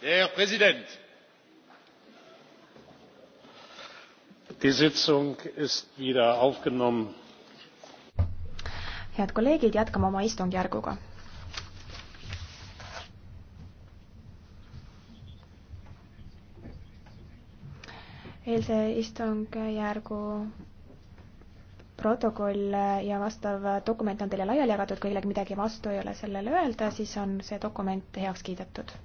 herr präsident! die sitzung ist wieder aufgenommen. head kolleegid jätkame oma istungjärguga. eilse istungjärgu protokoll ja vastav dokument on teile laiali jagatud, kui kellelgi midagi vastu ei ole sellele öelda, siis on see dokument heaks kiidetud